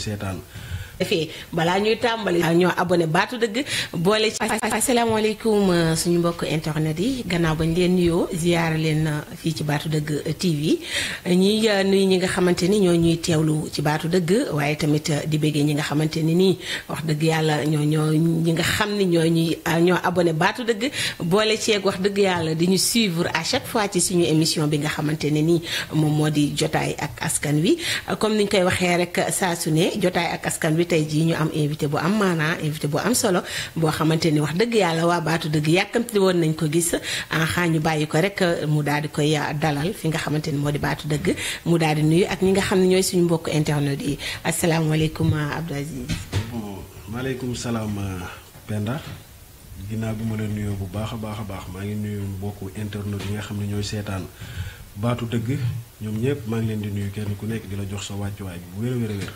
seetaan defee balaa ñuy tàmbali ñoo abonné baatu dëgg boole ci asalaamaaleykum euh, suñu mbokk internet yi gannaaw bañ leen nuyoo ziyaara leen euh, fii ci baatu dëgg euh, TV ñiy nuyu ñi nga xamante ni ñoo ñuy teewlu ci baatu dëgg waaye tamit di bëggee ñi nga xamante ni nii wax dëgg yàlla ñoo ñoo ñi nga xam ni ñoo ñuy ñoo abonné baatu dëgg boole ceeg wax dëgg yàlla di ñu suivre à chaque fois ci suñu émission bi nga xamante ne nii moom moo di jotaay ak askan wi comme niñ koy waxee rek saa su ne jotaay ak askan wi tey jii ñu am invité bu am maanaa invité bu am solo boo xamante ni wax dëgg yàlla waa baatu dëgg yàkkamti woon nañ ko gis ah, xaa ñu bàyyi ko rek mu daal di koy ah, dalal fi nga xamante ni moo di baatu dëgg mu daal di nuyu ak ñi nga xam ne ñooy suñu mbokk internet yi asalaamaaleykum ah, Abdou Aziz. maaleykum salaam Penda. ginnaaw bi ma la nuyoo bu baax a baax a baax maa ngi nuyu mbokku internet yi nga xam ne ñooy seetaan baatu dëgg ñoom ñëpp maa ngi leen di nuyu kenn ku nekk di la jox sa wàccuwaay bu wér a wér a wér.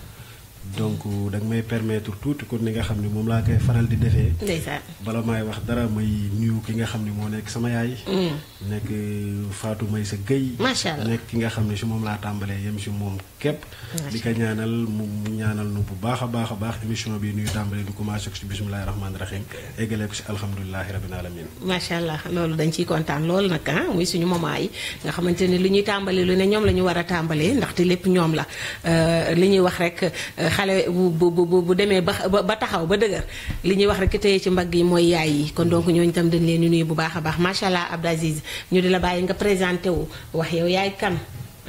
donc da nga may permettre tuuti kon ni nga xam ne moom laa koy faral di defee. ndeysaan bala maay wax dara may nuyu ki nga xam ni moo nekk sama yaay. Mm. nekk euh, Fatou may sa Guèye. macha allah nekk ki nga xam ne si moom laa tàmbalee yem si moom képp. di ko ñaanal mu ñaanal nu bu baax a baax a baax émission bi nuyu tàmbalee di commencé ko si bisimilah rahmaani rahim eggalee ko si alhamdulilah rabbil alamin macha allah loolu dañ ciy kontaan loolu nag ah muy suñu maman yi nga xamante ne li ñuy tàmbalee lu ne ñoom la ñu war a tàmbalee ndaxte lépp ñoom la euh, li ñuy wax rek. Euh, xale bu bu bu bu demee ba ba taxaw ba dëgër li ñuy wax rek tëye ci mbagg yi mooy yaay yi kon donc ñooñu tam dañ leen di nuyu bu baax a baax macha allah Abdou Aziz ñu di la bàyyi nga présenté wu wax yow yaay kan.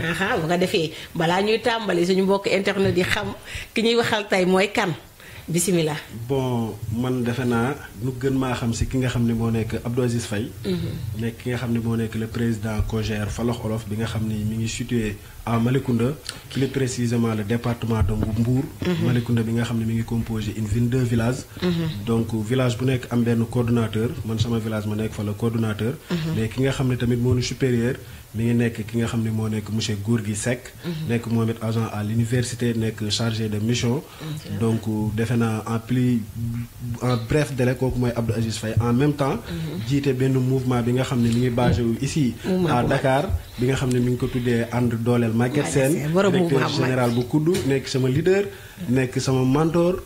aha bu nga defee balaa ñuy tàmbali suñu mbokk internet yi xam ki ñuy waxal tey mooy kan. bisimilah. bon man defe naa ñu gën maa xam si ki nga xam ne moo nekk Abdou Aziz Faye mhm. nekk ki nga xam ne moo nekk le président COJER Falox Olof bi nga xam ni mi ngi situé à qui est précisément le département de Mbour. Mhm. Malicounda bi nga xam ne mi ngi composé une vingt-deux villages. Mhm. donc village bu nekk am benn coordonnateur man sama village ma nekk fa la coordonnateur. mais ki nga xam ne tamit moo ni supérieur mi nek nekk ki nga xam ne nek monsieur Gorgui Seck. Mhm. nekk moom it agent à l'université nek chargé de mission. donc defe naa en plus en bref délai kooku mooy Abdou Aziz Faye en même temps. Mhm. jiite benn mouvement bi nga xam basé ici. à Dakar bi nga xam ne mi ngi ko tuddee ànd dooleel Maguette Sène. directeur général bu nek nekk sama leader. nek sama mentor.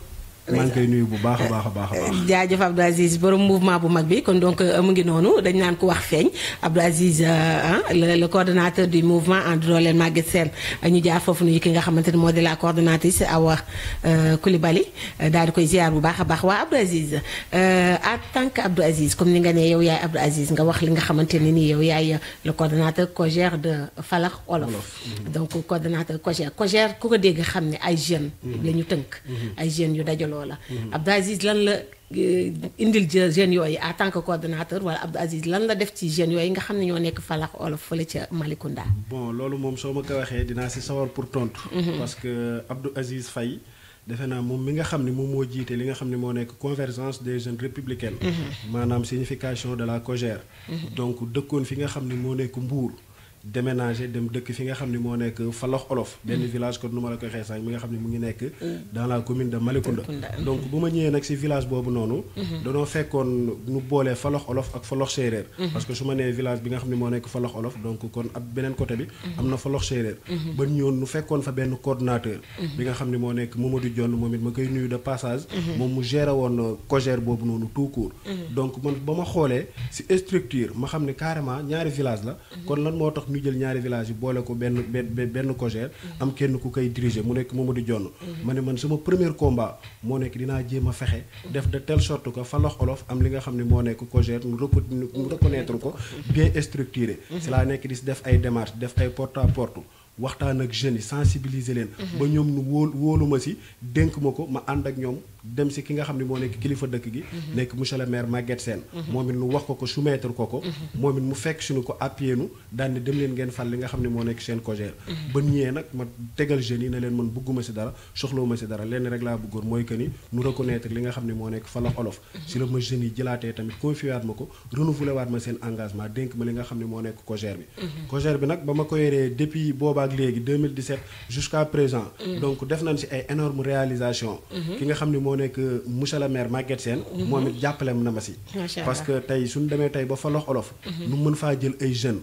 maa koy nuyu bu baax a baax a baax a baax. jaajëf Abdou Aziz borom mouvement bu mag bi kon donc euh, mu ngi noonu dañ naan ko wax feeñ Abdou Aziz euh, le coordonnateur du mouvement en dooleel Maguette Sène ñu jaar foofu nuyu ki nga xamante ne moo di la coordonnatrice Awa Coulibaly euh, daal di koy ziar bu baax a baax waa Abdou Aziz en tant que Abdou Aziz comme ni nga ne yow yaay Abdou Aziz nga wax li nga xamante ne nii yow yaay le coordonnateur COJER de Falax Olof. donc coordonnateur COJER COJER ku ko dégg xam ne ay jeunes. Mm-hmm. la ñu tënk mm-hmm. ay jeunes yu dajaloo. loola. Abdou Aziz lan la eh, indil jeunes yooyu en tant que coordonnateur wala Abdou Aziz lan la def ci jeunes yooyu nga xam ne ñoo nekk falax olof fële ca Malicounda. bon loolu moom soo ma ko waxee dinaa si sawar pour tontu. Mhm. parce que Abdou Aziz fay defe naa moom mi nga xam ne moom moo jiite li nga xam ne moo nekk convergence des jeunes républicains. Mhm. maanaam signification de la COJER. Mhm. donc dëkkoon fi nga xam ne moo nekk Mbour. déménager dem dëkk fi nga xam ne moo nekk Falox Olof benn mm. village kon nu ma la koy xeesaa mi nga xam ne mu ngi nekk mm. dans la commune de Malicounda donc bu ma ñëwee nag si village boobu noonu mm-hmm. danoo fekkoon nu boolee Falox Olof ak Falox séeréer mm-hmm. parce que su ma nee village bi nga xam ne moo nekk Falox Olof donc kon ab beneen côté bi mm-hmm. am na Falox séeréer ba ñëwoon nu fekkoon fa benn coordinateur bi nga xam ne moo nekk Mamadou Dione moom it ma koy nuyu de passage moom mu géré woon euh, cogère boobu noonu tout court donc man ba ma xoolee si structure ma xam ne carrément ñaari village la kon lan moo tax ñu jël ñaari village yi boole ko benn benn cogère mm-hmm. am kenn ku koy diriger mu nekk Mamadou Jonn mm-hmm. ma ne man sama premier combat moo nekk dinaa jéem a fexe mm-hmm. def de telle sorte que Falokh Olof am li nga xam ne moo nekk cogère mu reconnaître ko bien structuré la nekk di def ay démarches def ay porte à porte waxtaan ak jeunes yi sensibiliser leen. Mhm. ba ñoom nu wóolu ma si dénk ma ko ma ànd ak ñoom dem si ki nga xam ne moo nekk kilifa dëkk gi. Mhm. nekk monsieur le maire Maguette Sène. Mhm. moom it nu wax ko ko soumettre ko ko. moom it daan dem leen ngeen fal li nga xam ne moo nekk seen cogère. ba ñëwee nag ma tegal jeunes yi ne leen man bëgguma si dara dara lenn rek laa bëggoon mooy que ni nu reconnaître li nga xam ne moo nekk falax olof. si la ma jeunes yi jëlaatee tamit confié waat ma ko ma seen engagement dénk ma li nga xam ne moo nekk bi. cogère bi nag ba ma ko yoree depuis boobaa ak 2017 jusqu'à présent mm. donc def nañ ay énorme réalisation mm-hmm. ki nga xam ne moo nekk euh, monsieur le maire Maguette Sène mm-hmm. moom it na ma si parce que tey suñu demee tey ba fa lox olof mm-hmm. nu mën faa jël ay jeunes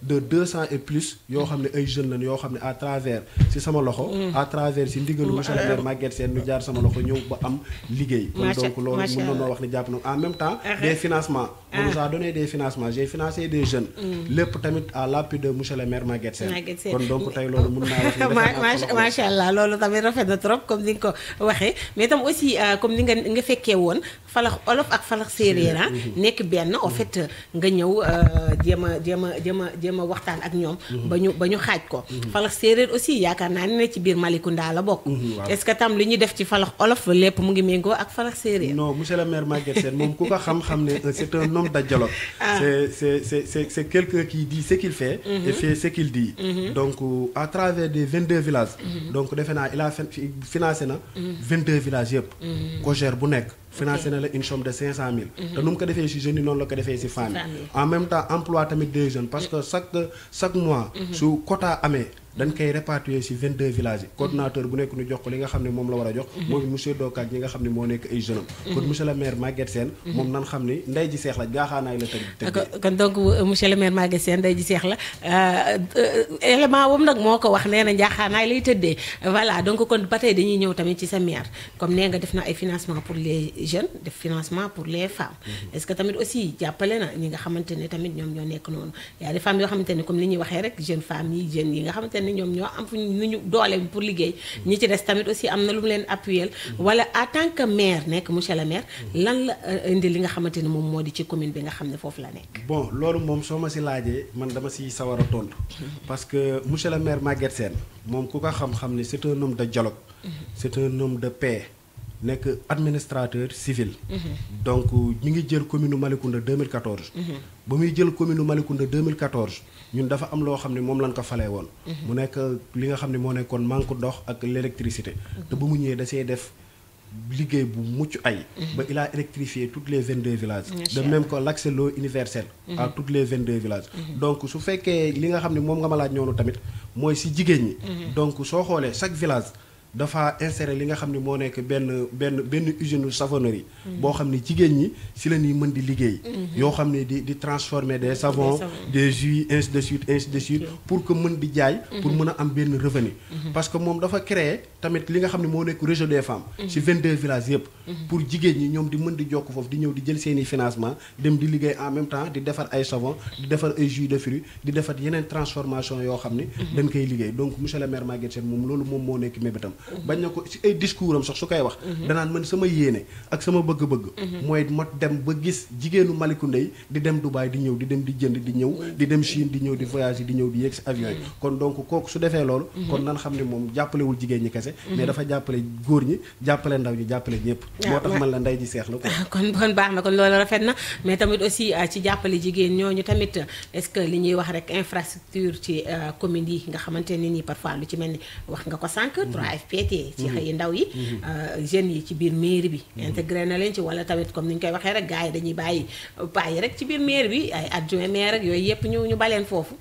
de 200 et plus yo xamné ay jeunes lañ yo xamné à travers ci sama loxo. Mm. à travers ci ndigalu monsieur le maire Maguette Sène ñu jaar sama loxo ñëw ba am liguey kon donc lolu mën na wax ni japp na en même temps. Uh-huh. des financements. on uh-huh. nous a donné des financements j'ai financé des jeunes. Mm. lepp tamit à l'appui de monsieur le maire Maguette sen kon donc pour loolu mën naa wax ne macha allah loolu tamit rafet na trop comme ni ko waxee mais tam aussi euh, comme ni nga nga fekkee woon falax olof ak falax séeréer hein nek ben en fait euh, nga ñëw euh djema djema djema djema a waxtaan ak ñom mhm. bañu bañu xaj ko mhm. falax séeréer aussi yakarna ne ci bir malikunda la bokk mhm, est-ce que tam liñu def ci falax olof lepp mu ngi mengo ak falax séeréer non monsieur le maire Maguette Sène ku ko xam-xam ne euh, c'est un homme de dialogue ah. c'est c'est c'est c'est quelqu'un qui dit ce qu'il fait et fait ce qu'il dit donc euh, à travers des 22 villages donc defe il a financé na 22 villages yëpp ko gère bu nek financé na la une somme de 500000. Mhm. te nu mu ko defee si jeunes yi noonu la ko defee si femmes yi en même temps emploi tamit des jeunes parce que chaque chaque mois. Mhm. su quota amee. dañ koy répartir ci 22 villages coordinateur bu nekk ñu jox ko li nga xam ne moom la war a jox moom monsieur Dokaak ñi nga xam ne moo nekk ay jeune am kon monsieur le maire Maguette Sène moom nan xam ni ndey ji seex la jaaxaanaay la tëgg kon donc monsieur le maire Maguette Sène ndey ji seex la élément boobu nag moo ko wax nee na njaaxaanaay lay tëddee voilà donc kon ba tey dañuy ñëw tamit ci sa maire comme nee nga def na ay financement pour les jeunes def financement pour les femmes est-ce que tamit aussi jàppale na ñi nga xamante ne tamit ñoom ñoo nekk noonu a des femmes yoo xamante ne comme li ñuy waxee rek jeune femme yi jeunes yi nga xamante ni ñoom ñoo am fu ñu doole pour liggéey ñi ci des tamit aussi am na lu mu leen appuyer wala en maire nekk monsieur maire lan la euh, indi li nga xamante ni moom moo di ci commune bi nga xam ne foofu la nekk bon loolu moom soo ma si laajee man dama si sawar a tontu parce que monsieur le maire Maguette Sène moom ku ko xam-xam ne c'est un de dialogue c'est un homme de paix nekk administrateur civil donc ñu ngi jël commune Malicounda mhm. ba muy jël commune Malicounda ñun dafa am loo xam ne moom lañ ko falee woon. Mhm. mu nekk li nga xam ne moo nekkoon manque dox ak l'électricité. Mhm. te ba mu ñëwee da see def. liggéey bu mucc ay mhm. ba il a électrifié toutes les 22 villages de même que l'accès l'eau universel à toutes les 22 villages donc su fekkee li nga xam ne moom nga ma laaj ñoonu tamit mooy si jigéen ñi donc soo xoolee chaque village dafa insérer li nga xam mo nek ben ben ben usine savonnerie bo xam ne ñi si la ñuy mën di liggéey yo xam di di transformer des savons des jus ainsi de suite ainsi de suite pour que mënd di jaay pour mhm. mëna am ben revenu mhm. parce que moom dafa créer tamit li nga xam mo nek nekk réseau des femmes mhm. si 22 villages yépp pour jigéen ñi ñom di mënd di jokk fofu di ñew di jël seeni financement dem di liggéey en même temps di defar ay savon di defar ay jus de fruits di defar yeneen transformation yo xam dañ koy liggéey donc monsieur le maire Maguette Sène mom lolu mom mo nek mébétam bañ na ko ci ay discours am sax su koy wax mhm. danaan man sama yéene ak sama bëgg-bëgg mhm. mooy ma dem ba gis jigéenu Malicounda yi di dem du Dubaï di ñëw di dem di jënd di ñëw di dem Chine di ñëw di voyage di ñëw di yéeg si avion yi mhm. kon donc kooku su defee loolu kon nan xam ne moom jàppalewul jigéen ñi kese mais dafa jàppale góor ñi jàppale ndaw ñi jàppale ñëpp ah, moo tax man la ndey ji seex la kon kon baax na kon loolu rafet na mais tamit aussi ah, ci jàppale jigéen ñooñu tamit est-ce que li ñuy wax rek infrastructure ci ah, communes yi nga xamante ne nii parfois lu ci mel wax nga ko sànq 3 féetee ci mhm. xëy ndaw yi mhm. euh, jeunes yi ci biir mairie bi mhm. intégré na leen ci wala tamit comme ni ñu koy waxee rek gars yi dañuy bàyyi paa rek ci biir mairie bi ay adjoint maire rek yooyu yëpp ñu ñu baleen foofu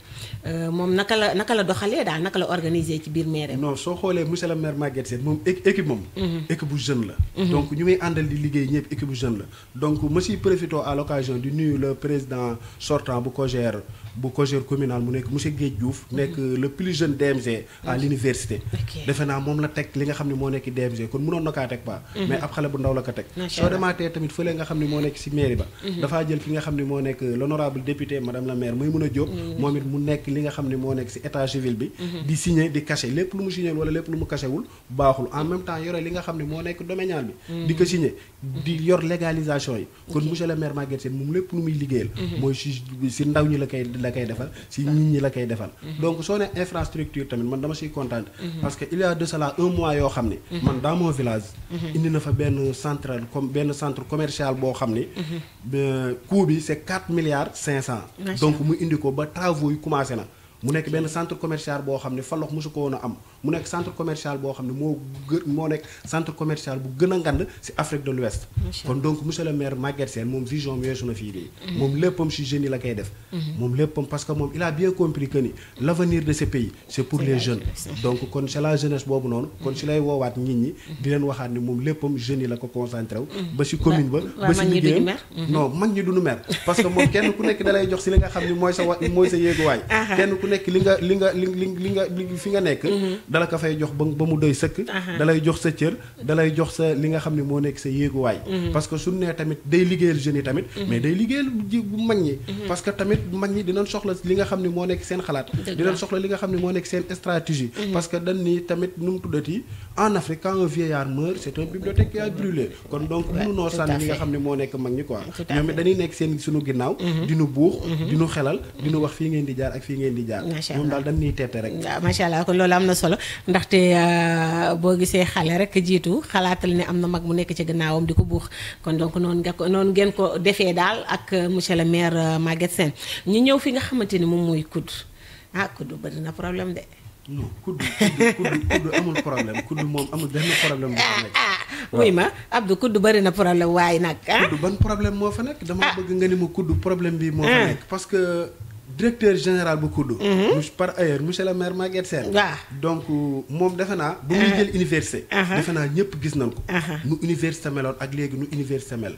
euh, moom naka la naka la doxalee daal naka la organiser ci biir maire non soo xoolee monsieur le maire Maguette moom équipe moom équipe bu jeune la donc ñu muy àndal di liggéey ñëpp équipe bu jeune la donc ma si profito à di nuyu le président sortant bu COJER bu cogère communal mu nekk monsieur Guèye Diouf nekk le plus jeune DMG à l'université defe naa moom la tek li nga xamni mo nek DMG kon mënoon na kaa teg ba mhm. mais ab xalé bu ndaw la ko teg soo demaatee tamit fële nga xamni mo nek ci mairie ba mhm. dafa jël fi nga xamni mo nek euh, l'honorable député madame la maire muy mun a momit mu nek li nga xamni mo nek ci état civil bi mhm. di signer di cacher lepp lu mu signer wala lepp lu mu cacher wul baxul en même temps yoré li nga xamni mo nek nekk bi di ko signer di yor légalisation yi kon monsieur le maire Maguette Sène mom lepp lu muy liggéeyal moy ci ndaw ñi la kay la kay defal si nit ñi la kay defal mhm. donc so né infrastructure tamit man dama ci kontaan mhm. parce que il y a de cela un mois yo xamné mhm. man dans mon village indi na fa ben central comme ben centre commercial bo xamné ni coût bi c'est 4 milliards 500 donc mu indi ko ba travaux yi commencé na mu nekk benn centre commercial boo xam ne Falokh mosu ko woon a am mu nekk centre commercial boo xam ne moo gë moo nekk centre commercial bu gën a ngand si Afrique de l'Ouest kon donc monsieur le maire Maguette Sène moom vision am yeesu na fii mon mhm. moom léppam si jeunes yi la koy def mhm. moom léppam parce que moom il a bien compris que ni l'avenir de ces pays c'est pour les jeunes mhm. donc kon c'est la jeunesse boobu noonu kon si lay woowaat nit ñi di leen waxaat ni moom léppam jeunes yi la ko concentré wu ba si commune ba ba si liggéeyam non mag ñi duñu parce que moom kenn ku nekk da lay jox si li nga xam ne mooy sa mooy sa kenn nekk li nga li nga li li nga li fi nga nekk mhm. dala ko fay jox ba mu doy sëkk dalay jox sa cër dalay jox sa li nga xam ne moo nekk sa yéeguwaay mhm. parce que suñ nee tamit day liggéeyal jeunes yi tamit mhm. mais day liggéeyal ji mag ñi parce que tamit mag ñi dinañ soxla li nga xam ni moo nekk seen xalaat dinañ soxla li nga xam ne moo nekk seen stratégie parce que dañ ni tamit nu mu tuddati en Afrique quand un vieillard meurt c'est une bibliothèque qui a brûlé kon donc mënunoo sànni li nga xam ne moo nekk mag ñi quoi nekk seen suñu ginnaaw di nu buux di di daal moom daal dañuy teete rek waaw macha allah kon loolu am na solo ndaxte euh, boo gisee xale rek jiitu xalaatal ne am na mag mu nekk ci gannaawam di ko buux kon donc noonu nga ko noonu ngeen ko defee daal ak euh, monsieur le maire euh, Maguette Sène ñi ñëw fi nga xamante ni moom mooy kudd ah kudd bëri na problème de non kudd kudd kudd amul problème kudd moom amul benn problème ah, ah, bari na problème waaye nag ah. kudd ban moo fa nekk dama bëgg nga ni ma kudd problème bi moo fa nekk parce directeur général bu nous mhm. par ailleurs monsieur le maire Maguette ah. donc euh, mom defe naa. bu muy ah. jël université. Ah. defe naa ñëpp gis nañ ko. nu université meloon ak légui nu université mel.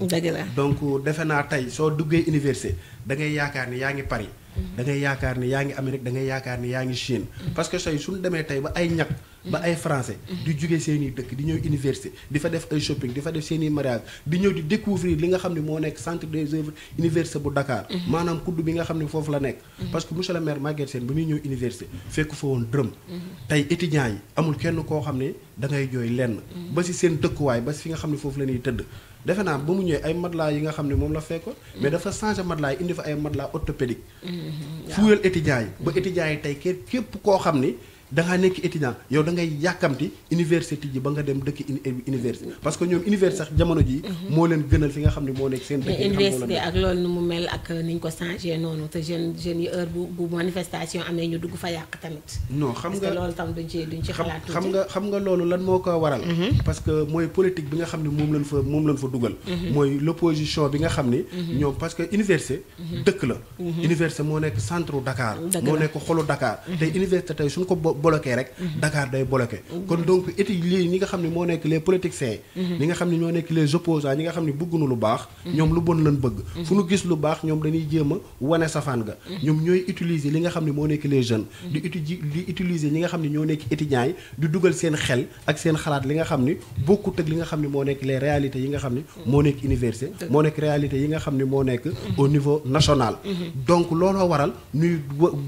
donc euh, defe naa tey soo duggee université da ngay yaakaar ni yaangi Paris. da ngay yaakaar ni yaa ngi Amérique da ngay yaakaar ni yaa ngi Chine. parce que sooy suñu demee tey ba ay ñag. ba ay français. di jóge seen i dëkk di ñëw université di fa def ay shopping di fa def seen i mariage di ñëw di découvrir li nga xam ne moo nekk centre des œuvres université bu Dakar. Mm-hmm. maanaam kudd bi nga xam ne foofu la nekk. Mm-hmm. parce que monsieur le maire Maguette Sène ba muy ñëw université fekk fa woon dërëm. Mm-hmm. tey étudiants yi amul kenn koo xam ne da ngay jooy lenn. ba si seen dëkkuwaay ba si nga xam ne foofu la ñuy tëdd. defe naa ba mu ñëwee ay matelas yi nga xam ne moom la fekkoon. mais dafa changé matelas yi indi fa ay matelas orthopédique. waaw mm-hmm. fuuyal étudiants yi. ba étudiants yi ke képp koo xam ni. da ngaa nekk étudiant yow da ngay yàkkamti université ji ba nga dem dëkk eh, université parce que ñoom mhm. université ak loolu nu mu mel ak niñ ko changé noonu te jeune jeunes bu manifestation amee ñu dugg fa yàq tamit non xam nga xam nga loolu lan moo ko waral mhm. parce que mooy politique bi nga xam ne moom lañ fa dugal mhm. mooy l'opposition bi nga xam ne ñoom parce que université dëkk la université moo nekk centre Dakar moo nekk xolu Dakar tey université tey suñ ko bloqué rek mhm. Dakar day bloqué kon donc éti lii ñi nga xamni mo nek les politiciens mhm. ñi nga xamni ño nek les opposants ñi nga xamni ne bëgguñu lu baax mhm. ñom lu bon lañ bëgg fu nu gis lu baax ñom dañuy jéem wone wane safaan ga ñom ñoy utiliser li nga xamni mo nek les jeunes di di utiliser ñi nga xamni ño nek étudiants yi di dugal seen xel ak seen xalaat li nga xamni ni bokkut ak li nga xamni mo nek les réalités yi nga xamni mo nek nekk université moo nekk réalité yi nga xamni mo nek au niveau national donc lolo waral ñuy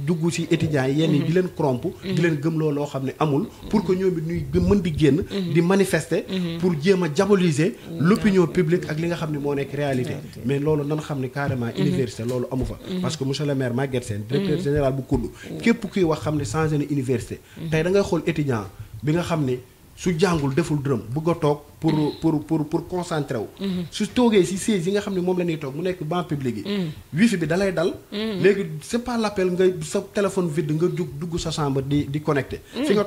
dugg ci étudiants yi yenn di leen cromp di leen gëmloo loo xam ne amul pour que ñoom it ñuy mën di génn di manifester pour jéem a diaboliser l'opinion publique ak li nga xam ne moo nekk réalité mais loolu nan xam ne carrément université loolu amu fa parce que monsieur le maire Maguette le directeur général bu kudd képp kuy wax xam ne changé na université tey da ngay xool étudiant bi nga xam ne su jàngul deful dërëm bëgg a toog pour pour pour pour mhm. si yi nga la mu banc public yi. Mhm. wifi bi dal. Mhm. pas l'appel téléphone vide nga dug vous sa chambre di di connecter fi nga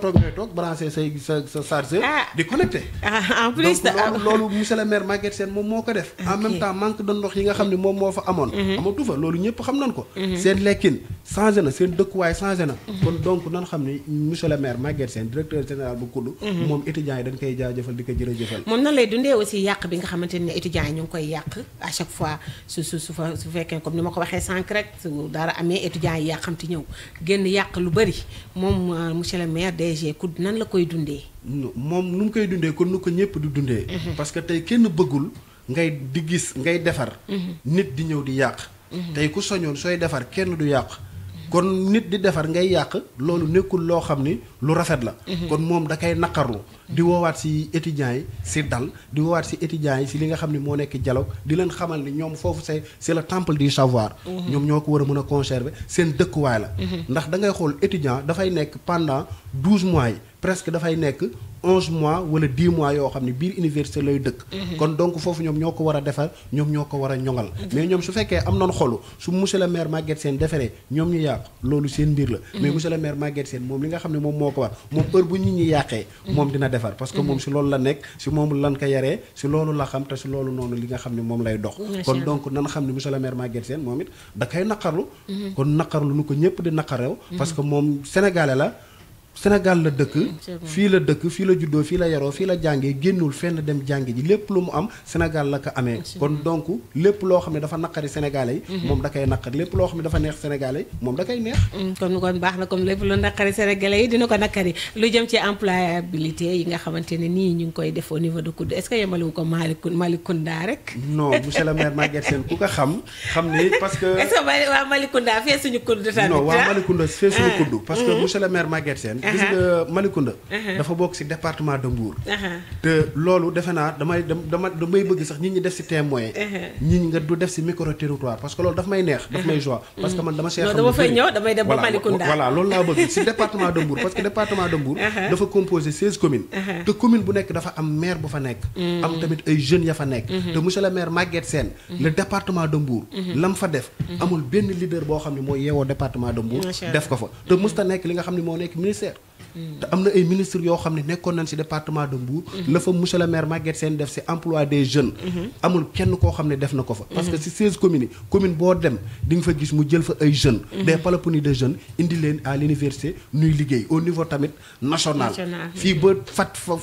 sa di le maire Maguette en même temps manque de yi nga fa donc le maire directeur général bu dañ mom nan lay aussi yak bi nga de à chaque fois su su su fekké comme nima ko waxé sànq rek dara étudiant yi ñew genn yak lu euh, monsieur le maire DG nan la koy dundé non koy dundé kon nuko ñëpp du mhm. parce que tay kenn bëggul ngay di ngay défar mhm. nit di ñew di yak mhm. tay ku soñon soy défar kenn du yak kon nit di defar ngay yak, lolu nekkul lo lu rafet la. Mhm. kon moom da koy naqarlu. di woowaat si étudiants yi si dal di woowaat si étudiants yi si li nga xam ne moo nekk dialogue di leen xamal ni ñoom foofu c'est c'est le temple du savoir. Mhm. ñoom ñoo ko war a mën a conserver seen dëkkuwaay la. Mhm. ndax da ngay xool étudiant dafay nekk pendant douze mois yi presque dafay nekk. onze mois wala dix mois yoo xam ne biir université lay dëkk kon donc foofu ñoom ñoo ko war a defar ñoom ñoo ko war a ñoŋal mais ñoom su moo ko war moom heure bu nit ñi yàqee moom dina defar parce moom si loolu la nekk si moom lan ko yaree si loolu la xam te si loolu noonu li nga xam ne moom lay dox kon donc nan xam ne monsieur le maire moom it da koy naqarlu mhm. kon naqarlu nu ko ñëpp di naqarew mhm. parce moom sénégalais la Sénégal la dëkk fii la dëkk fii la juddoo fii la yaroo fii la jàngee génnul fenn dem jàngi ji lépp lu mu am Sénégal la ko amee kon donc lépp loo xam ne dafa naqari Sénégalais yi mhm. da koy naqari loo xam ne dafa neex Sénégalais moom da koy neex mm, baax na comme lépp lu naqari Sénégalais yi dina ko naqari lu jëm ci employabilité yi nga xamante ne nii ñu ngi koy defoo au niveau de Koundou est-ce ko Malick Malick Kounda rek non monsieur le maire Maguette Sène ku ko xam xam ne parce que est-ce que waa Malick Kounda fee suñu Koundou tamit non waa ah? Malick Kounda fee suñu ah. Koundou parce que mm-hmm. monsieur le maire Maguette gis uh-huh. nga Malicounda uh-huh. dafa bok ci département de Mbour uh-huh. te lolu defe naa damay dama damay bëgg sax nit ñi def ci témoin nit ñi nga du def ci micro territoire parce que lolu daf may neex daf may joie parce que man dama see dama fay ñew damay dem ba Malicounda voilà lolu la bëgg ci département de Mbour parce que département de Mbour dafa composé 16 communes te commune bu nekk dafa am maire bu fa nekk mm. am tamit ay jeunes ya fa nekk mm-hmm. te monsieur le maire Maguette Sen mm-hmm. le département de Mbour mm-hmm. lam fa def amul benn leader boo xam ne mooy yeewoo département de Mbour def ko fa te musta nekk li nga xam ne moo nekk ministère te am ay ministre yo xamné ne nañ ci département de Mbour. Mhm. la fa monsieur le maire Maguette Sen def ci emploi des jeunes. Mhm. amul kenn ko xamné def na ko fa. parce que si mhm. seize communes commune bo dem ding fa gis mu jël fa ay jeunes. des palaponi de jeunes indi len à l'université nuy liggéey au niveau tamit national. fi ba fat fa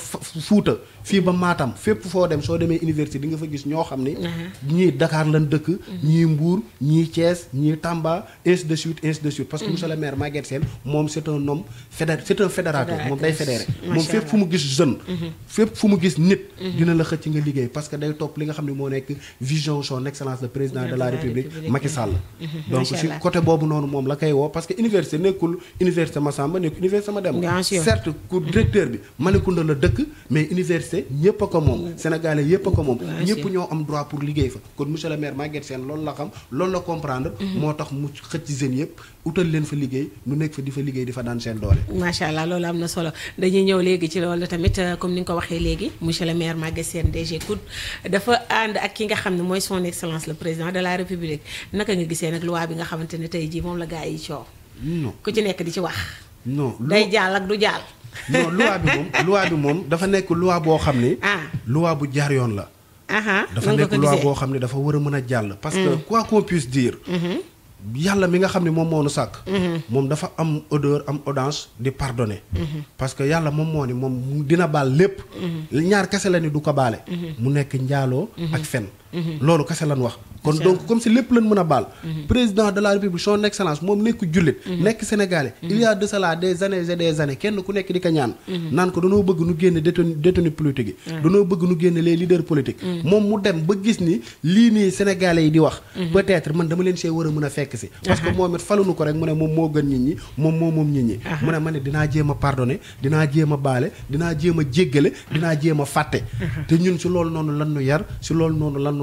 fii ba Matam fépp foo dem soo demee université di nga fa gis ñoo xam ne uh-huh. ñii Dakar lañ dëkk uh-huh. ñii Mbour ñii Thiès ñii Tamba ainsi de suite ainsi de suite parce que uh-huh. monsieur le maire Maguette Sène moom c'est un homme fédé c'est un fédérateur moom day fédéré moom fépp fu mu gis jeune fépp fu mu gis nit dina la xëcc nga liggéey parce que day topp li nga xam ne moo nekk vision son excellence le président de la république Macky Sall donc si côté boobu noonu moom la koy woo parce que université nekkul université Massamba nekkul université dem certes ku directeur bi Malicounda la dëkk mais université université ñëpp a ko moom sénégalais yëpp a ko moom ñëpp ñoo am droit pour liguey fa kon monsieur le maire Maguette Sène loolu la xam loolu la comprendre mhm. motax mu xëc ci jeune yëpp outal leen fa liguey nu nekk fa difa liguey difa di fa daan seen doole macha allah loolu am na solo dañuy ñëw léegi ci loolu tamit euh, comme ni nga ko waxee léegi monsieur le maire Maguette Sène DG COUD dafa and ak ki nga xam ne mooy son excellence le président de la république naka nga gisee nag loi bi nga xamante ne tey jii moom la gaa yi coow non ku ci nekk di ci wax non day jàll ak du jàll non loi loi bi moom dafa nekk loi ah. loi bu la. dafa loi boo xam dafa war a mën parce que mm. quoi qu'on puisse dire. Mm-hmm. yàlla mi nga xam ne moom moo nu mm-hmm. am odeur am audience de pardonner. Mm-hmm. parce que yàlla moom moo ni moom dina baal lépp. ñaar la ni du ko baale. mu nekk Mhm. lolu kasse lan wax kon donc comme si lepp lan mën bal baal mhm. président de la république son excellence mom nek jullit mhm. nek sénégalais il y a de cela des années et des années kenn ku nek di ka ñaan nan ko danoo bëgg nu génne détenu détenu politique yi danoo bëgg nu génne les leaders politiques mom mu dem ba gis ni li ni sénégalais yi di wax peut-être man dama leen sey war mëna fekk ci parce que uh-huh. momit it falunu ko rek mu ne mo gën nit ñi moom mo moom nit ñi uh-huh. mu ne ma ne dinaa pardonner dina jéem a dina dinaa jéem dina jéggale uh-huh. faté té ñun ci loolu nonu lan ñu yar ci loolu nonu lan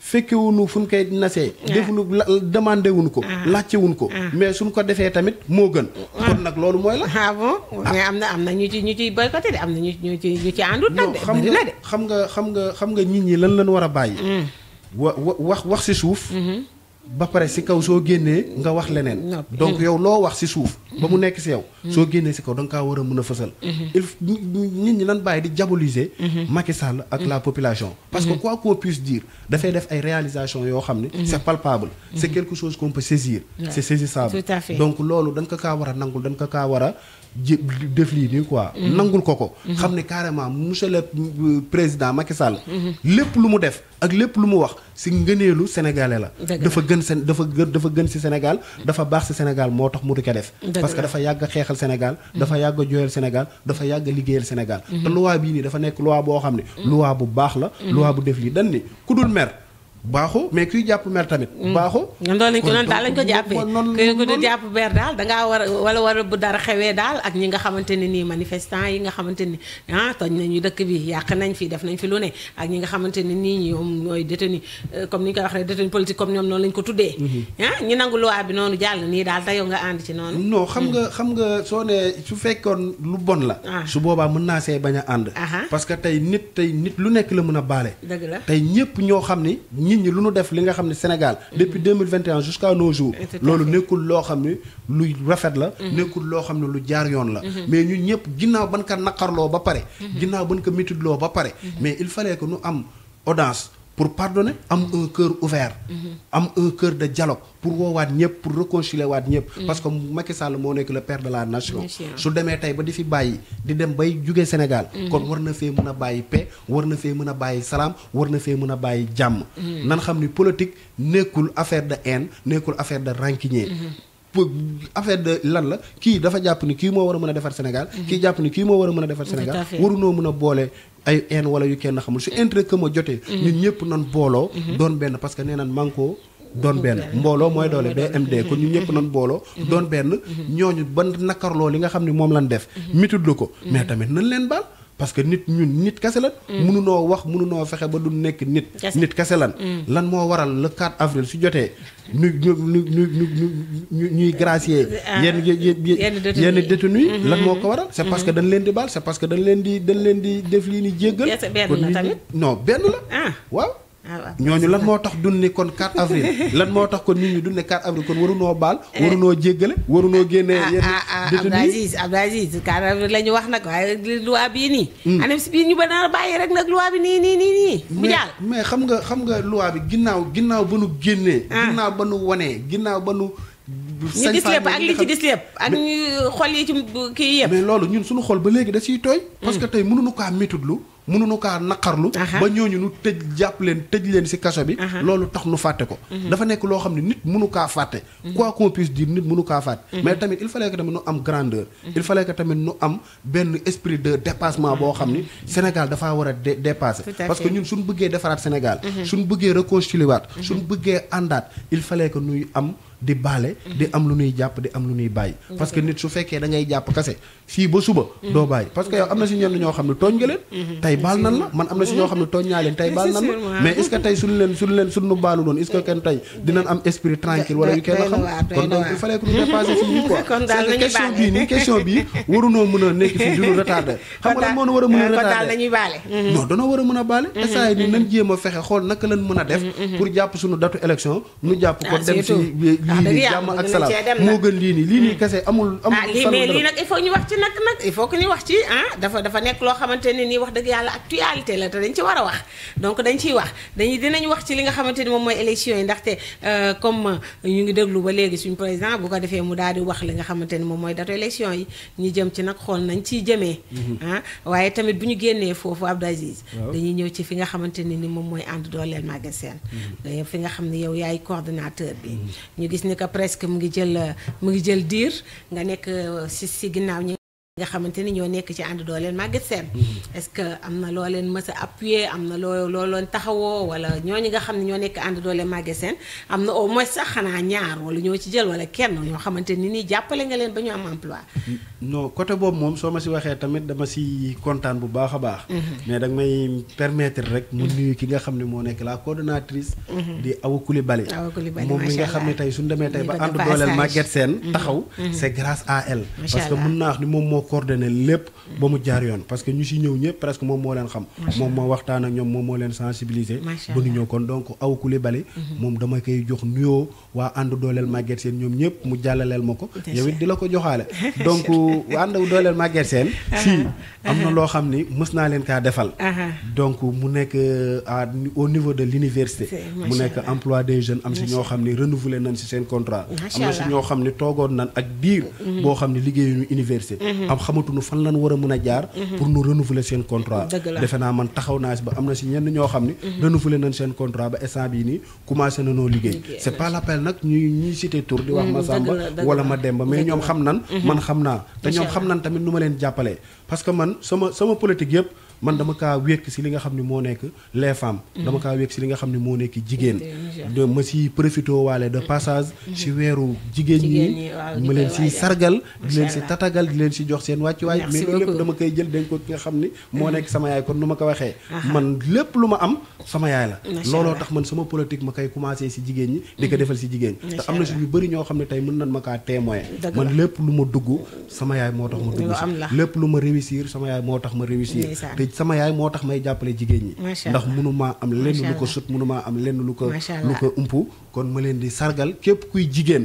fekkewuñu fu ñu koy nasee. Ah. defuñu la wuñ ko. Ah. laajte wuñ ko. Ah. mais suñ ko defee tamit moo gën. kon nag loolu mooy la. ah bon mais am na am na ñu ci ñu ciy boycotté de am na ñu ñu ci ñu ci àndut nag de bëri xam nga xam nga xam nga nit ñi lan lañ war a bàyyi. Mm. wa wa wax wax si suuf. Mm-hmm. ba paré ci kaw so génnee nga wax lénen donc yow lo wax ci suuf ba mu nekk ci yow mm-hmm. so génnee ci kaw da ka wara mëna fessel mm-hmm. il nit ñi lan bàyyi di diaboliser mm-hmm. Macky Sall ak la population parce que quoi qu'on puisse dire dafay def ay réalisations yo xam c'est palpable c'est quelque chose qu'on peut saisir c'est saisissable donc lolu dañ ko ka wara nangul dañ ko ka wara jë def lii nii quoi. Mhm. nangul ko ko. Mhm. xam ne carrément monsieur le euh, président Macky Sall. Mhm. lépp lu mu def ak lépp lu mu wax si ngëneelu sénégalais la. dafa gën seen dafa gën dafa gën si Sénégal dafa baax si Sénégal moo tax mu di ko def. parce que dafa yàgg xeexal Sénégal. dafa yàgg a jooyal Sénégal dafa yàgg a liggéeyal Sénégal. te loi bii nii dafa nekk loi boo xam ne. loi bu baax la. loi bu def lii dañ ku dul mer. baaxoo mais kuy jàpp mer tamit. Mm. baaxoo ñoom noonu lañ ko noonu daal lañ ko jàppee ku du jàpp mer daal dangaa war wala war bu dara xewee daal ak ñi nga xamante ne nii manifestant yi nga xamante ni ah toj nañu dëkk bi yàq nañ fi def nañ fi lu ne ñi nga xamante ne nii ñoom ñooy détenu euh, comme ni ñu koy waxee détenu politique comme ñoom noonu lañ ko tuddee. Mm-hmm. ah ñu nangu loi bi noonu jàll nii daal te yow nga ànd ci noonu. non xam nga mm. xam nga soo nee su fekkoon lu bon la. Ah. su boobaa mën naa see bañ a ànd. parce que tey nit tey nit lu nekk la mën a baale. dëgg la tey ñëpp nit lu nu def li nga Sénégal depuis 2021 jusqu'à nos jours lolu nekkul lo xam ne lu rafet la mm-hmm. nekkul lo xam ne lu jaar yoon la mm-hmm. mais ñun ñëpp ginnaw ban ka nakarlo ba paré mm-hmm. ginnaw ban ko métidloo ba paré mais il fallait que nous am audace pour pardonner am un cœur ouvert mhm. am un cœur de dialogue pour woowaat ñëpp pour réconcilier waat ñëpp mhm. parce que Macky Sall moo que le père de la nation su demee tey ba di fi bàyyi di dem bay jugee Sénégal mhm. kon war ne fait mona a paix war na fee mën salam, bàyyi salaam war na fee mën a nan xam ni politique coule affaire de haine coule affaire de rancunier affaire de lan la qui dafa japp ni qui mo wara a mën defar Sénégal qui japp ni kii mo wara a mën defar Sénégal warunoo mën a boole ay haine wala yu kenn xamul su intérêt que ma jotee. Mhm. ñun ñëpp nan booloo. Mhm. doon benn parce que nee doon benn mbooloo mooy doole BMD kon ñun ñëpp nan booloo. Mhm. doon benn ñooñu ba nakarloo li nga xam ni moom lan def. mitud lu ko mais tamit nan leen baal. parce que nit ñun nit kese lan. Mm. mënunoo wax mënunoo fexe ba du nekk nit. nit kese lan. Mm. lan moo waral le 4 avril su jotee. ñu ñu ñu ñu ñu ñuy gracier. Ah, yenn yenn yenn détenu yi lan moo ko mm-hmm. waral. c' parce mm-hmm. que dañ leen di baal c' parce que dañ leen di dañ leen di def lii ni jéggal. kon benn la tamit non benn la. Ah. waaw. Ah, ñooñu lan moo tax dun ni kon 4 avril lan moo tax kon nit ñi dun ne 4 avril kon warunoo baal eh. warunoo jéggale warunoo génne ah, yenn ah, Abdou Aziz Abdou Aziz 4 avril la ñu wax nag waaye bii nii hmm. anam si biir ñu banaar bàyyi rek nag loi bi nii nii nii nii mu jàll mais xam nga xam nga loi bi ginnaaw ginnaaw ba nu génnee ginnaaw ba nu wonee ginnaaw ba nu ñu gis lépp ak li ci gis lépp ak ñu xol yi ci kii yëpp mais loolu ñun suñu xol ba léegi da ciy tooy parce hmm. que tey mënuñu kaa lu mënuñu kaa naqarlu ba ñooñu nu tëj jàpp leen tëj leen si kaso bi loolu tax nu fàtte ko mhm. dafa nekk loo xam ne nit mënu kaa fàtte mhm. quoi qu'on puisse dire nit mënu kaa fàtte mhm. mais tamit il fallait que tamit nu am grandeur il fallait que tamit nu am benn esprit de dépassement boo xam ni Sénégal dafaa war a dépasser parce que ñun suñu bëggee defaraat Sénégal suñu bëggee reconstruire waat suñu bëggee àndaat il fallait que nuy am di baale mhm. di am lu nuy jàpp di am lu nuy bàyyi parce que nit su fekkee da ngay jàpp kase fii ba suba mhm. doo bàyyi parce que yow am na si ñenn ñoo xam ne tooñ nga leen mhm. tey baal nan la man am na si ñoo xam ne tooñ naa leen tey baal nan la mais a nekk fi war a mën a retardé non danoo war a mën a baale ni nañ jéem fexe xool naka lañ mën a def pour jàpp suñu datu élection ñu jàpp ko ah, dem si lii nii jàmm ak salaam moo gën lii nii lii nii kese amul amul ah lii nag il faut que ñu wax ci ah, dafa dafa nekk loo xamante ne nii wax dëgg yàlla actualité la te dañ ci war a wax donc dañ ciy wax dañuy dinañ wax ci li nga xamante ni moom mooy élection yi ndaxte euh, comme euh, ñu ngi déglu ba léegi suñu président bu ko defee mu daal di wax li nga xamante ni moom mooy datu élection yi ñu jëm ci nag xool nañ ciy jëmee mhm. ah waaye tamit bu ñu génnee foofu Abdou Aziz dañuy ñëw ci fi nga xamante ne ni moom mooy ànd dooleel magasin mhm. fi nga xam ne yow yaay coordonnateur bi mhm. gis ni que presque mu ngi jël mu ngi jël diir nga nekk euh, si si ginnaaw ñi nga xamante ni ñoo nekk ci ànd doo leen màgget seen mm-hmm. est-ce que am na loo leen mës a appuyer am na loo loo leen taxawoo wala ñooñu nga xam ne ñoo nekk ànd doo leen màgget seen am na au moins sax xanaa ñaar wala ñoo ci jël wala kenn ñoo xamante ni nii jàppale nga leen ba ñu am emploi non côté boobu moom soo ma si waxee tamit dama si kontaan bu baax a baax mm-hmm. mais danga may permettre rek mu mm-hmm. nuyu ki nga xam ne moo nekk la coordonnatrice di Awa Coulibaly moom mi nga xam ne tey suñu demee tey ba ànd dooleel màgget seen taxaw c'est grâce à elle parce que mën naa wax ni moom moo coordonné lépp ba mu jaar yoon parce que ñu si ñëw ñëpp presque moom moo leen xam moom moo waxtaan ak ñoom moom moo leen sensibiliser ba ñu ñëw kon donc aw Coulibaly mhm. moom dama koy jox nuyoo waa ànd dooleel Maguette Sène ñoom ñëpp mu jàllaleel ma ko yow it di la ko joxaale donc ànd dooleel Maguette Sène si am na loo xam ni mës naa leen kaa defal donc mu nekk a euh, au niveau de l'université mu nekk emploi des jeunes am si ñoo xam ni renouvelé nañ si seen na si ñoo xam ni toogoon nañ ak diir mhm. boo xam am xamatuñu fan lañ war a mën a jaar mhm. pour nu renouveler seen contrat defe naa man taxaw naa si ba am na si ñenn ñoo xam ne mhm. renouveler nañ seen contrat ba instant bii nii commencé na noo liggéey c'est pas l'appel nag ñuy ñuy cité tour di wax mhm, ma Samba wala ma demb mais ñoom xam nan man xam naa te ñoom xam nan tamit nu ma leen jàppalee parce que man sama sama politique yëpp man dama kaa wékk si li nga xam ne moo nekk les femmes mhm. dama kaa wékk si li nga xam ne moo nekk jigéen de ma si profité waale de mhm. passage mhm. si weeru jigéen ñi ma leen si sargal di leen si tatagal di leen si jox seen wàcc mais dama koy jël dénk ki nga xam ni moo nekk sama yaay kon nu ma ko waxee man lépp lu ma am sama yaay la looloo tax man sama politique ma koy commencé si jigéen ñi di ko defal si jigéen ñi te am na si yu bëri ñoo xam ne tey mën nañ ma kaa témoin man lépp lu ma dugg sama yaay moo tax ma dugg si lépp lu ma réussir sama yaay moo tax ma réussir sama yaay moo tax may jàppale jigéen ñi ndax mënumaa am lenn lu ko sut maa am lenn lu ko lu ko umpu kon ma leen di sargal képp kuy jigéen.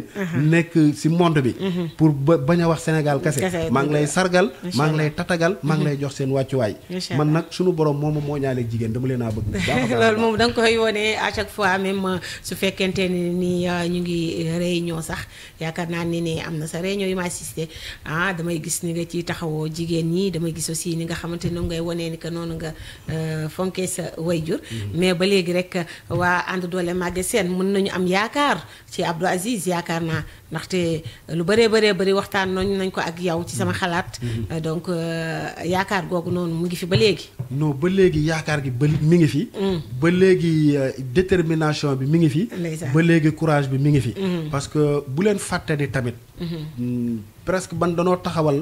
nekk si monde bi. Mhm. pour ba bañ a wax Sénégal kese. maa lay sargal maa lay tatagal maa ngi lay mhm. jox seen wàccuwaay. man nag sunu borom moom moo ñaaleeg jigéen dama leen a bëgg. loolu moom da nga koy wone à chaque fois même euh, su fekkente ni euh, ñu ngi réunion sax yaakaar naa ni ne sa réunion yu ma assisté ah damay gis ni nga ci taxawoo jigéen ñi damay gis aussi ni nga xamante ni ngay wonee ni que noonu nga euh, fonkee sa wayjur mhm. mais ba léegi rek waa ànd doole màgge seen mën nañu am am yaakaar ci Abdou Aziz yaakaar naa ndaxte lu bëree bëree bëri waxtaan noonu nañ ko ak yow ci sama xalaat. Mhm. donc euh, yaakaar googu noonu mu ngi fi ba léegi. non ba léegi yaakaar gi ba mi ngi fi. Mm. ba léegi euh, détermination bi mi ngi fi. ba léegi courage bi mi ngi fi. Mm-hmm. parce que bu leen fàtte ni tamit. Mm-hmm. Hmm, presque ban danoo taxawal.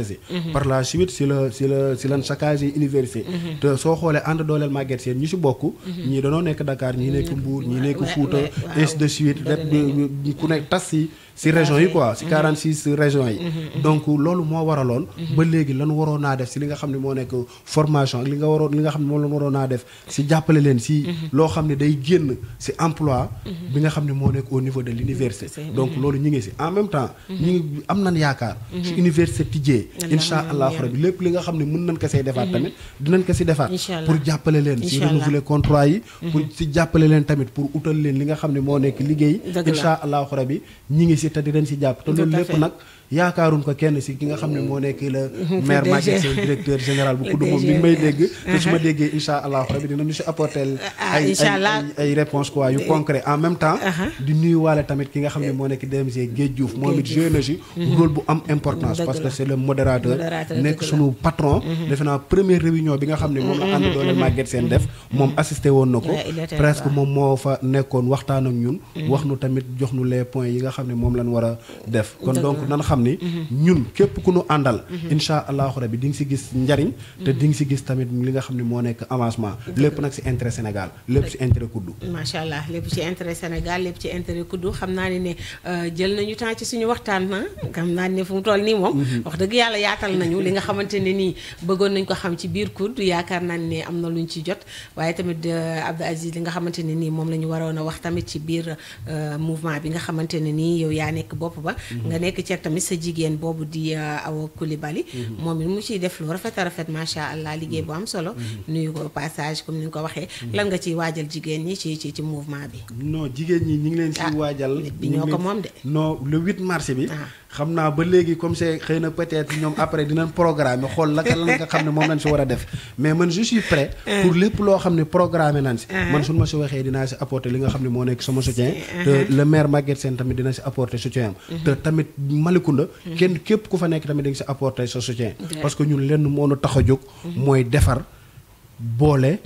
ACC. par la suite si la si la si lan saccagé université. Mhm. te soo xoolee ànd dooleel Maguette Sène ñu si bokk. Mhm. ñii danoo Dakar ñii nekk Mbour ñii nekk Fouta. et de suite rek ku nekk tas si si yi quoi si 46 mhm. régions yi. donc loolu moo waraloon. ba léegi lan waroon naa def si li nga xam ne moo formation ak li nga waroon li nga xam ne moom la waroon naa def si jàppale leen si. loo xam day génn si emploi. bi nga xam ne moo au niveau de l'université. donc loolu ñu ngi si en même temps. ñu ngi am nañ université tijjee. incha allahu rabi lépp li nga xam ne mën nañ ko say defaat mhm. tamit dinañ ko si defaat pour jàppale leen si renouveler contrat yi mhm. pour si jàppale leen tamit pour utal leen li nga xam ne moo nekk liggéey incha allahu rabi ñi ngi si te dinañ si jàpp te loolu lépp nag yaakaaruñ ko kenn si ki nga xam ne moo nekk la maire Maguette Sène directeur général bu kudd moom mi ngi may dégg te su ma uh-huh. déggee incha allah rabi dina ñu si apporter ah, ah, ay ay réponse quoi yu concret en même temps uh-huh. di nuyu waale tamit ki nga xam ne moo nekk DMG Géej Diouf moom it géologie mm-hmm. rôle bu am importance parce que c'est le modérateur nekk sunu patron mm-hmm. defe naa première réunion bi nga xam ne moom la ànd mm-hmm. doole Maguette Sène def moom assisté woon na ko presque moom moo fa nekkoon waxtaan ak ñun wax nu tamit jox nu les points yi nga xam ne moom lañ war a def kon donc nan xam xam ni mhm. ñun képp ku nu àndal mhm. incha allahu rabi di nga si gis njariñ mhm. te di nga si gis tamit li nga xam ne moo nekk avancement lépp nag si intérêt Sénégal lépp si intérêt kuddu macha allah lépp ci intérêt Sénégal lépp ci intérêt kuddu xam naa ne ne euh, jël nañu temps ci suñu waxtaan na ah. xam naa ne fu mu toll nii moom wax dëgg yàlla yaatal nañu li nga xamante nii bëggoon nañ ko xam ci biir kudd yaakaar naa ne am na luñ ci jot waaye tamit euh, Abdou Aziz li nga xamante nii moom la waroon a wax tamit ci biir euh, mouvement bi sa jigéen boobu di euh, Awa Coulibaly mhm. moom it mu ciy def lu rafet a rafet macha allah liggéey bu am solo mhm. Mhm. nuyu ko passage comme ni nga ko waxee lan nga ciy waajal jigéen ñi ci ci ci mouvement bi non jigéen ñi ñu ngi leen si ah, waajal bi ñoo ko moom de no le 8 mars bi ah. xamna ba legui comme c'est xeyna peut être ñom après dinañ programmer xol la lan nga xamne mom lañ ci wara def mais man je suis prêt pour lepp lo xamne programmer nañ ci uh-huh. man suñu ma ci waxee dina ci apporter li nga xamne mo nek sama soutien uh-huh. te le maire Maguet Sen tamit dina ci apporter soutien uh-huh. te tamit Malikunda kenn kep ku fa nek tamit dina ci apporter sa soutien parce que ñun lenn mo no tax a jóg mooy defar boole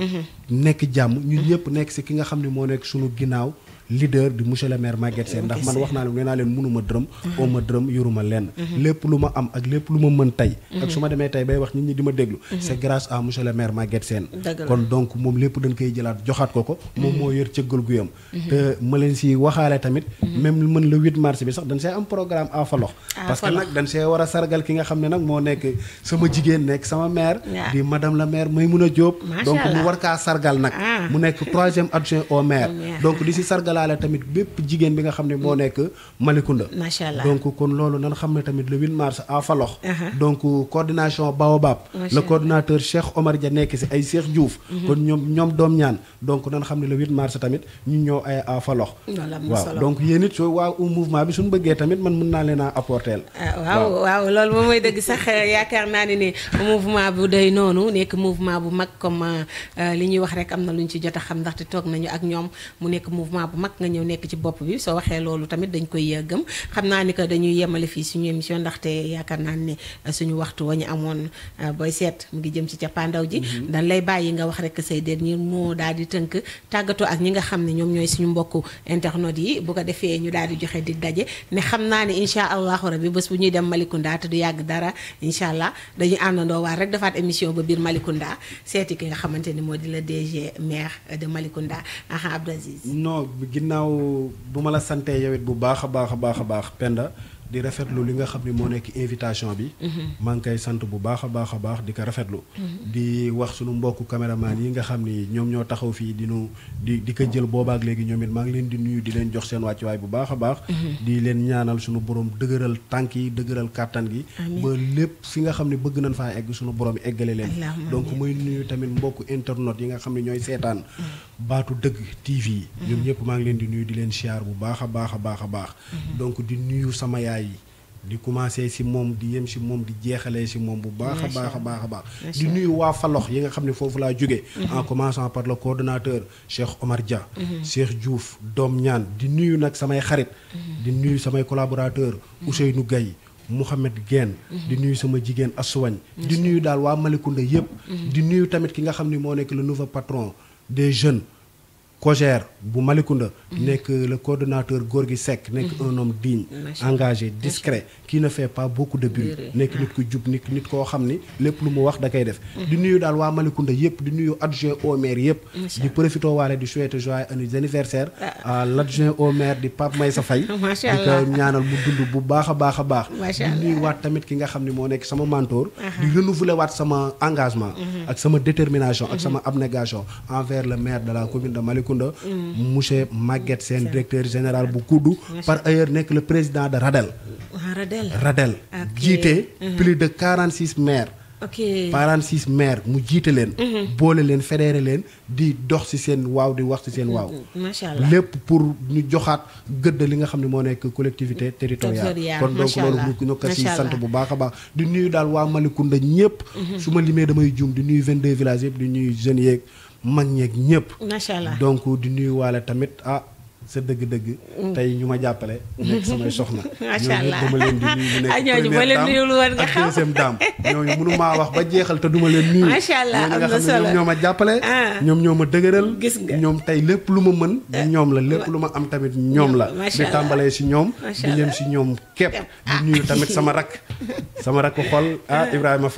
nekk ñun ñepp nek ci ki nga xamne mo nek suñu ginaaw leader di monsieur le maire Maguette sen ndax man waxna naa len nee naa leen dërëm oo ma dërëm yuruma len lepp luma am ak lepp luma ma mën tey ak suma ma tay bay wax nit ñi dima déglu c'est grâce à monsieur le maire Maguette sen kon donc mom lepp dañ koy jëlaat joxaat ko ko moom moo yor cëggal guyam te ma len ci waxalé tamit même man le 8 mars bi sax dañ see am programme à falox parce que nak dañ see wara sargal ki nga xamné nak mo nek sama jigen nek sama mère ya. di madame la maire mëna job donc mu war ka sargal nak ah. mu nek 3e adjoint au maire ya. donc di ci sargal dogalaale tamit bépp jigéen bi nga xam ne moo mm. nekk Malicounda macha allah donc kon loolu nan xam ne tamit le 8 a à Falox uh-huh. donc coordination Baobab le coordinateur Cheikh Omar Dia nekk si ay Cheikh Diouf mm-hmm. kon ñoom ñoom doom ñaan donc nan xam ne le 8 mars tamit ñu ñëw ay a Falox waaw donc yéen it soo waaw mouvement bi suñu bëggee tamit man mën naa leen a apporter ah, waaw waaw loolu moom mooy dëgg sax yaakaar naa ne ne mouvement bu day noonu nekk mouvement bu mag comme euh, li ñuy wax a xam mag nga ñëw nekk ci bopp bi soo waxee loolu tamit dañ koy euh, gëm xam naa ni que dañuy yemale fii suñu émission ndaxte yaakaar naa ne euh, suñu waxtu wa ñu amoon euh, booy seet mu ngi jëm ci cappaandaw ji mm-hmm. dañ lay bàyyi nga wax rek say dernier mot daal di tënk tàggatoo ak ñi nga xam ne ñoom ñooy suñu mbokku internet yi bu ko defee ñu daal di joxe di daje ne xam naa ne incha allahu rabi bés bu ñuy dem Malicounda te du yàgg dara incha allah dañuy àndandoo waar rek defaat émission ba biir Malicounda seeti ki nga xamante ni moo di la DG maire de Malicounda aha ginnaaw bu ma la santee yowit bu baax a baax a baax a baax Penda di rafetlu li nga xam ne moo nekk invitation bi. Mhm. maa kay sant bu baax a baax a baax di ko rafetlu. Mhm. di wax sunu mbokku caméraman yi nga xam ni ñoom ñoo taxaw fii di nu di di ko jël boobaak léegi ñoom it maa ngi leen di nuyu di leen jox seen wàccuwaay bu baax a baax. Mhm. di leen ñaanal sunu borom dëgëral tànk yi dëgëral kàttan gi. lépp fi nga xam ne bëgg nañ faa egg sunu borom eggale leen. donc muy tamit mbokku internet yi nga xam ne ñooy seetaan. baatu dëgg TV yi. ñoom ñëpp maa ngi leen di nuyu di leen siyaar bu baax a baax a baax a baax. di nuyu sama yaay médias di commencé ci mom di yem ci mom di jéxalé ci mom bu baax a baax a baax a di nuyu wa falox yi nga xamné fofu la laa mhm. en commençant par le coordinateur Cheikh Omar Dia mhm. Cheikh Diouf doom ñaan di nuyu nak samay xarit mhm. di nuyu samay collaborateur Ousseynou Gaye mohamed Guène di nuyu sama jigen Aswañ di nuyu dal wa Malicounda yépp di nuyu tamit ki nga xamné mo nek le nouveau patron des jeunes COGER bu Malicounda que mm. le coordonnateur Gorgui Seck nekk mm-hmm. un homme digne engagé discret qui ne fait pas beaucoup de bruit nekk nit ku ah. jub nit nit koo xam ni lépp lu mu wax da koy def mm-hmm. di nuyu daal waa malikunda, yëpp di nuyu adjoint au maire du di profité waale du souhaiter joyeux anniversaire ah. à l'adjoint au maire de Pape Maïssa Faye di ko ñaanal mu dund bu baax a baax a baax di nuyu tamit ki nga xam ni moo sama mentor di renouveler waat sama engagement mm-hmm. ak sama détermination ak sama abnégation envers le maire de la commune de Malicounda Tambacounda. Mm. monsieur Maguette Sène directeur général bu kuddu par ailleurs nekk le président de Radel. Ah, Radel Radel. jiite mm-hmm. plus de 46 maires. ok mu jiite leen. Mm-hmm. boole leen fédéré leen di dox ci seen waaw di wax ci seen waaw. Mm-hmm. macha allah lépp pour ñu joxaat gëdd li nga xam ne moo nekk collectivité territoriale. kon donc loolu ñu ñu sant bu baax a baax. di nuyu daal waa Malicounda ñëpp. su ma limee damay juum di nuyu 22 villages yëpp di nuyu jeunes yeeg. mag ñeeg ñëpp. macha allah donc di nuyuwaale tamit ah. sa dëgg-dëgg. Mm. tey ñu ma jàppale. nekk samay soxna. macha allah ñooñu dama leen di nuyu nekk ah, ñooñu ma ak deuxième dame ñooñu mënu maa wax ba jeexal te du leen nuyu. macha allah am na solo ñoom ñoo ma jàppale. Ah. ñoom ñoo ma dëgëral. ñoom tey lépp lu ma mën. Ah. ñoom la lépp lu ma am tamit ñoom la. di tàmbalee si ñoom. di yem si ñoom képp. di nuyu tamit sama rak. sama xol ah Ibrahima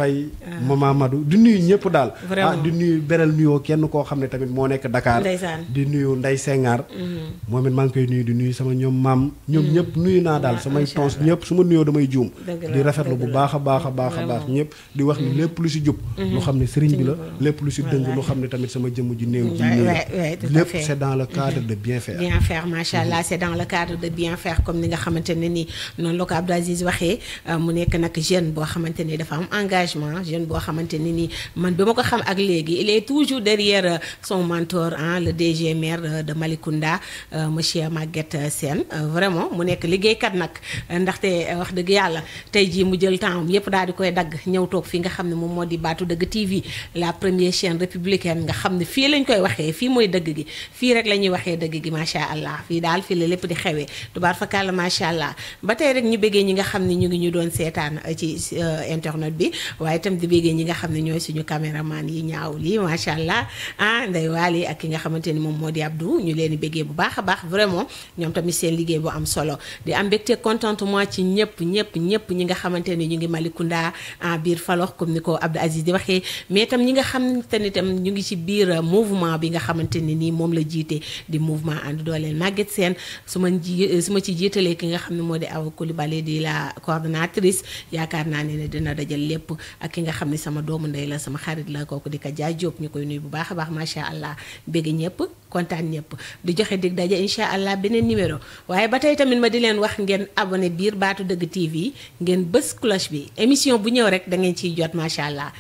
Mama Madou di nuyu ñëpp daal. ah di nuyu beral nuyoo kenn koo xam ne tamit moo nekk Dakar. di nuyu Ndeye Senghar mm-hmm. moom it maa ngi koy nuyu di nuyu sama ñoom maam ñoom hmm. ñëpp nuyu naa daal ah, samay tons ñëpp su ma nuyoo damay juum di rafetlu bu baax a baax a baax a baax ñëpp di wax ni hmm. lépp lu si jub hmm. lu xam ne sëriñ bi la lépp lu si dëng lu xam ne tamit sama jëmm ji néew ji néew lépp c'est dans le cadre de bien faire bien faire macha allah c'est dans le cadre de bien faire comme ni nga xamante ne ni noonu la ko Abdou waxee euh, mu nekk nag jeune boo xamante ni dafa am engagement jeune boo xamante ne ni man bi ma ko xam ak léegi il est toujours derrière son mentor ah le DG maire euh, de Malicounda euh, Euh, monsieur Maguette Sen euh, vraiment mu nekk liggéeykat nag ndaxte euh, wax deug yalla tay ji mu jël temps yépp daal di koy dag ñew tok fi nga xam mom modi moo di TV la première chaîne républicaine nga xam fi lañ koy waxé fi moy deug gi fi rek lañuy waxé deug gi ma sha allah fi daal fi la lépp di xewee tubaar ma sha allah ba tay rek ñu bëggee ñi nga xam ñu ngi ñu doon seetaan ci internet bi waye tam di bëggee ñi nga xam ñoy suñu caméraman yi ñaaw ma sha allah ah ndey wali ak nga xamanteni ni modi Abdou ñu leen di bu baaxa baax vraiment ñoom tamit seen liggéey bu am solo di am mbégte contentement ci ñëpp ñëpp ñëpp ñi nga xamante ne ñu ngi Malicounda en biir Falokh comme ni ko Abdou Aziz di waxee mais itam ñi nga xamante ni tam ñu ngi ci biir mouvement bi nga xamante ne nii moom la jiite di mouvement ànd dooleel Maguette seen su ma su ma ci jiitalee ki nga xam ne moo di aw Coulibaly di laa coordonnatrice yaakaar naa ne dina dajal lépp ak ki nga xam ni sama doomu ndey la sama xarit la kooku di ko jaay Diop koy nuyu bu baax a baax macha allah bëgg kontaan ñëpp di joxe dig daje incha allah beneen numéro waaye ba tey tamit ma di leen wax ngeen abonné biir baatu dëgg TV ngeen bës cloche bi émission bu ñëw rek da ngeen ciy jot macha allah.